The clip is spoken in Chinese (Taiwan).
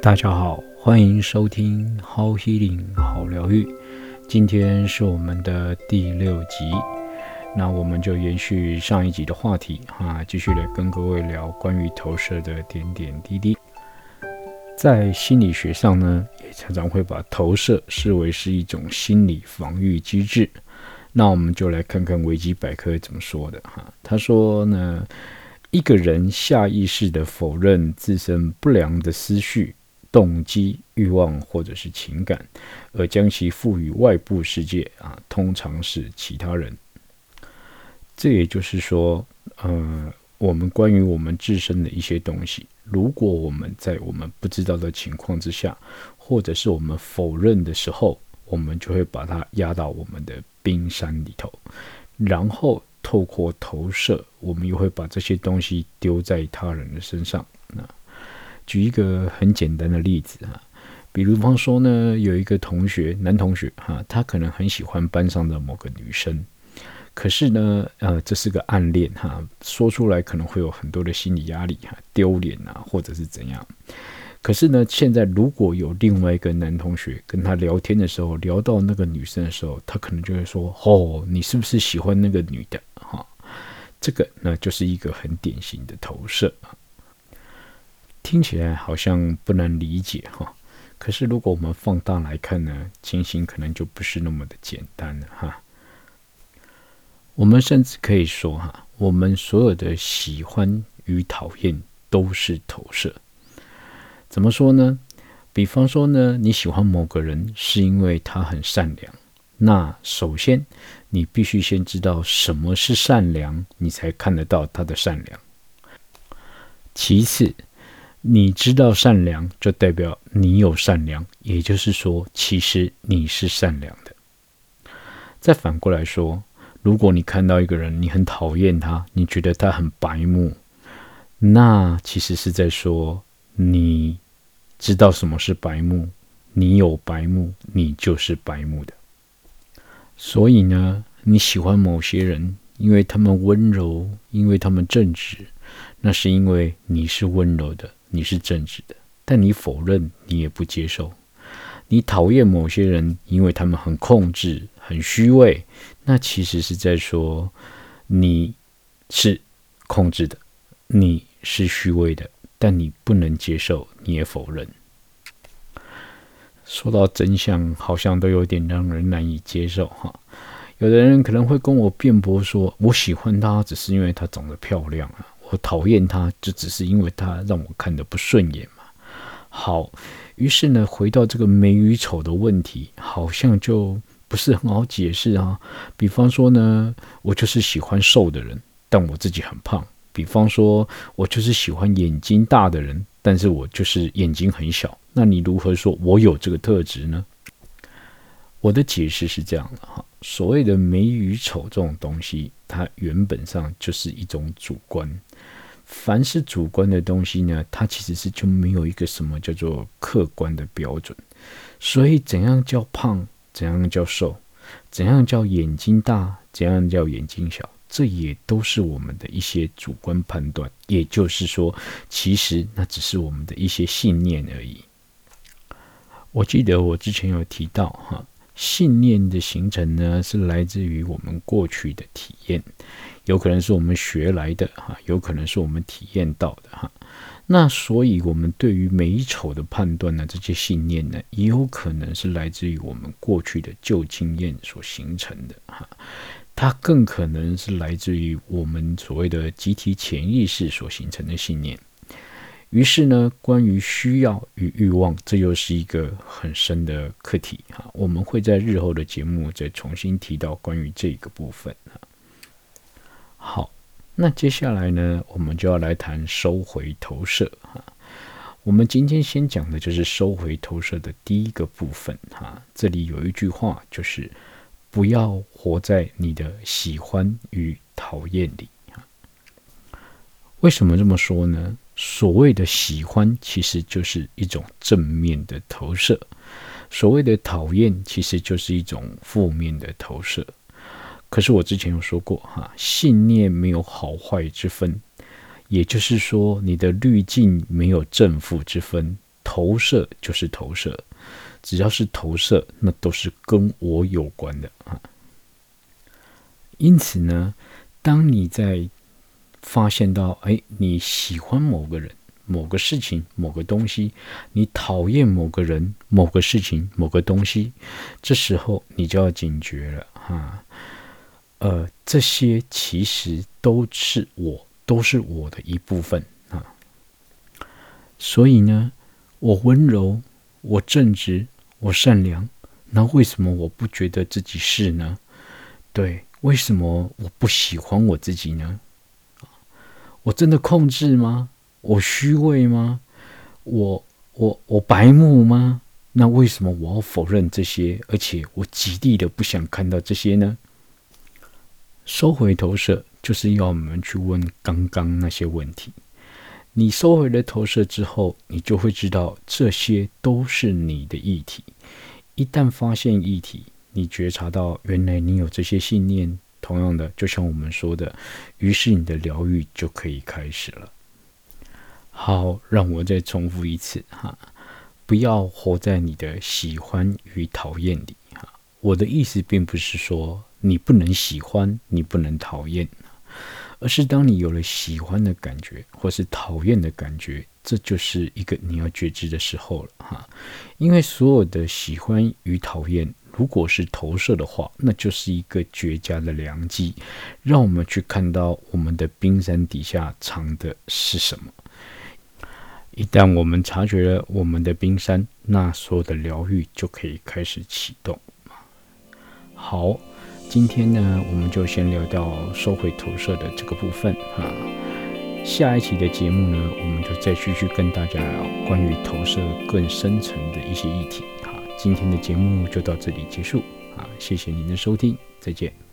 大家好，歡迎收聽 How Healing，好心靈好療癒。今天是我們的第六集，那我們就延續上一集的話題哈、啊，繼續來跟各位聊關於投射的點點滴滴。在心理學上呢，也常常會把投射視為是一種心理防禦機制。那我們就來看看維基百科怎麼說的哈、啊。他說呢，一個人下意識的否認自身不良的思緒。動機、慾望或者是情感，而將其賦予外部世界啊，通常是其他人。這也就是說，呃，我們關於我們自身的一些東西，如果我們在我們不知道的情況之下，或者是我們否認的時候，我們就會把它壓到我們的冰山裡頭，然後透過投射，我們又會把這些東西丟在他人的身上啊。舉一個很簡單的例子哈、啊。比如方說呢，有一個同學，男同學哈，他可能很喜歡班上的某個女生，可是呢，呃，這是個暗戀哈，說出來可能會有很多的心理壓力哈，丟臉啊，或者是怎樣。可是呢，現在如果有另外一個男同學跟他聊天的時候，聊到那個女生的時候，他可能就會說：“哦，你是不是喜歡那個女的？”哈，這個呢、呃，就是一個很典型的投射啊。聽起來好像不難理解哈，可是如果我們放大來看呢，情形可能就不是那麼的簡單了哈。我們甚至可以說哈，我們所有的喜歡與討厭都是投射。怎麼說呢？比方說呢，你喜歡某個人是因為他很善良，那首先你必須先知道什麼是善良，你才看得到他的善良。其次。你知道善良，就代表你有善良，也就是說，其實你是善良的。再反過來說，如果你看到一個人，你很討厭他，你覺得他很白目，那其實是在說你知道什麼是白目，你有白目，你就是白目的。所以呢，你喜歡某些人，因為他們溫柔，因為他們正直，那是因為你是溫柔的。你是正直的，但你否認，你也不接受。你討厭某些人，因為他們很控制，很虛偽。那其實是在說，你是控制的，你是虛偽的，但你不能接受，你也否認。說到真相，好像都有點讓人難以接受哈。有的人可能會跟我辯駁說，我喜歡她，只是因為她長得漂亮啊。我討厭他，就只是因為他讓我看得不順眼嘛。好，於是呢，回到這個美與醜的問題，好像就不是很好解釋啊。比方說呢，我就是喜歡瘦的人，但我自己很胖；比方說，我就是喜歡眼睛大的人，但是我就是眼睛很小。那你如何說我有這個特質呢？我的解釋是這樣的哈。所謂的美與醜這種東西，它原本上就是一種主觀。凡是主觀的東西呢，它其實是就沒有一個什麼叫做客觀的標準。所以，怎樣叫胖，怎樣叫瘦，怎樣叫眼睛大，怎樣叫眼睛小，這也都是我們的一些主觀判斷。也就是說，其實那只是我們的一些信念而已。我記得我之前有提到哈。信念的形成呢，是來自於我們過去的體驗，有可能是我們學來的哈，有可能是我們體驗到的哈。那所以，我們對於美醜的判斷呢，這些信念呢，也有可能是來自於我們過去的舊經驗所形成的哈，它更可能是來自於我們所謂的集體潛意識所形成的信念。於是呢，關於需要與慾望，這又是一個很深的課題哈，我們會在日後的節目再重新提到關於這個部分。好，那接下來呢，我們就要來談收回投射哈。我們今天先講的就是收回投射的第一個部分哈，這裡有一句話，就是不要活在你的喜歡與討厭裡。為什麼這麼說呢？所謂的喜歡，其實就是一種正面的投射；所謂的討厭，其實就是一種負面的投射。可是我之前有說過，哈，信念沒有好壞之分，也就是說，你的濾鏡沒有正負之分，投射就是投射，只要是投射，那都是跟我有關的啊。因此呢，當你在發現到，哎，你喜歡某個人、某個事情、某個東西；你討厭某個人、某個事情、某個東西。這時候你就要警覺了，哈。呃，這些其實都是我，都是我的一部分啊。所以呢，我溫柔，我正直，我善良，那為什麼我不覺得自己是呢？對，為什麼我不喜歡我自己呢？我真的控制嗎？我虛偽嗎？我我我白目嗎？那為什麼我要否認這些？而且我極力的不想看到這些呢？收回投射就是要我們去問剛剛那些問題。你收回了投射之後，你就會知道這些都是你的議題。一旦發現議題，你覺察到原來你有這些信念。同樣的，就像我們說的，於是你的療癒就可以開始了。好，讓我再重複一次哈，不要活在你的喜歡與討厭裡哈。我的意思並不是說你不能喜歡，你不能討厭，而是當你有了喜歡的感覺或是討厭的感覺，這就是一個你要覺知的時候了哈。因為所有的喜歡與討厭，如果是投射的話，那就是一個絕佳的良機，讓我們去看到我們的冰山底下藏的是什麼。一旦我們察覺了我們的冰山，那所有的療癒就可以開始啟動。好，今天呢，我們就先聊到收回投射的這個部分啊。下一期的節目呢，我們就再繼續，續跟大家聊關於投射更深層的一些議題。今天的節目就到這裡結束啊，謝謝您的收聽，再見。